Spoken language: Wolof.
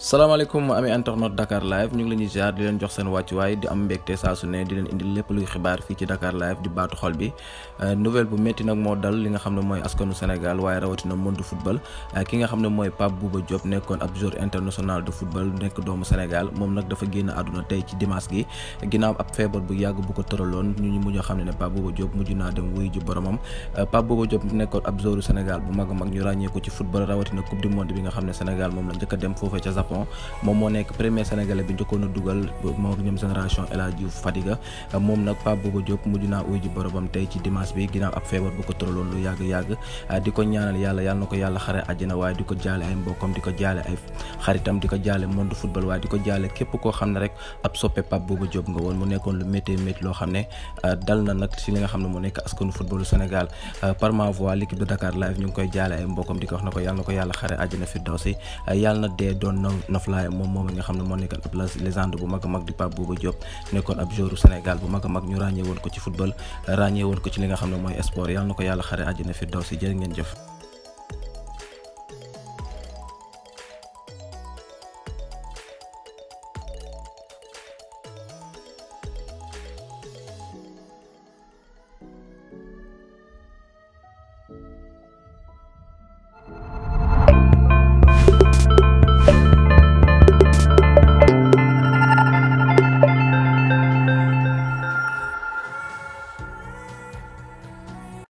salaamaaleykum ami internet Dakar live ñu ngi leen di ziar di leen jox seen wàccuwaay di am mbégte te su ne di leen indil lépp luy xibaar fii ci Dakar live di baatu xol bi euh, nouvelle bu métti nag moo dal li nga xam ne mooy askanu senegal waaye rawatina monde football euh, ki nga xam ne mooy Pape Bouba Diop nekkoon ab joueur international de football nekk doomu Sénégal moom nag dafa génn àdduna tey ci dimanche gi ginnaaw ab feebar bu yàgg bu ko tëraloon ñu ñu mujj xam ne ne Pape Bouba Diop naa dem wuyu ji boromam euh, Pape Bouba Diop nekkoon bu mag a mag ñu ràññee ko ci football rawatina coupe du monde bi nga xam ne Sénégal moom la njëkk a dem foofee ca Japon moom moo nekk premier sénégalais bi njëkkoon a dugal moo ñoom génération El Hadj Diouf Fadiga moom nag Pape Bouba Diop mujj naa uy ji borobam tey ci dimanche bi ginnaaw ab feebar bu ko tëraloon lu yàgg-yàgg ah, di ko ñaanal yàlla yàlla na ko yàlla xare àjjana waaye di ko jaale ay mbokkam di ko jaale ay di ko jaale monde football waaye di képp koo xam ne rek ab soppe woon mu nekkoon lu méttee métti loo xam ne ah, dal na si li nga xam ne mu nekk askanu footballu Sénégal ah, par ma voix l'équipe de Dakar live ñu na ko yàlla na ko yàlla xare àjjana firdawsi dee doon Noflaay moom moom nga xam ne moo nekkoon ab légende bu mag a mag di Pape Bouba Diop nekkoon ab joueur Sénégal bu mag a mag ñu ràññee woon ko ci football ràññee woon ko ci li nga xam ne mooy sport yàlla na ko yàlla xare àjjana fi daw si jërë ngeen jëf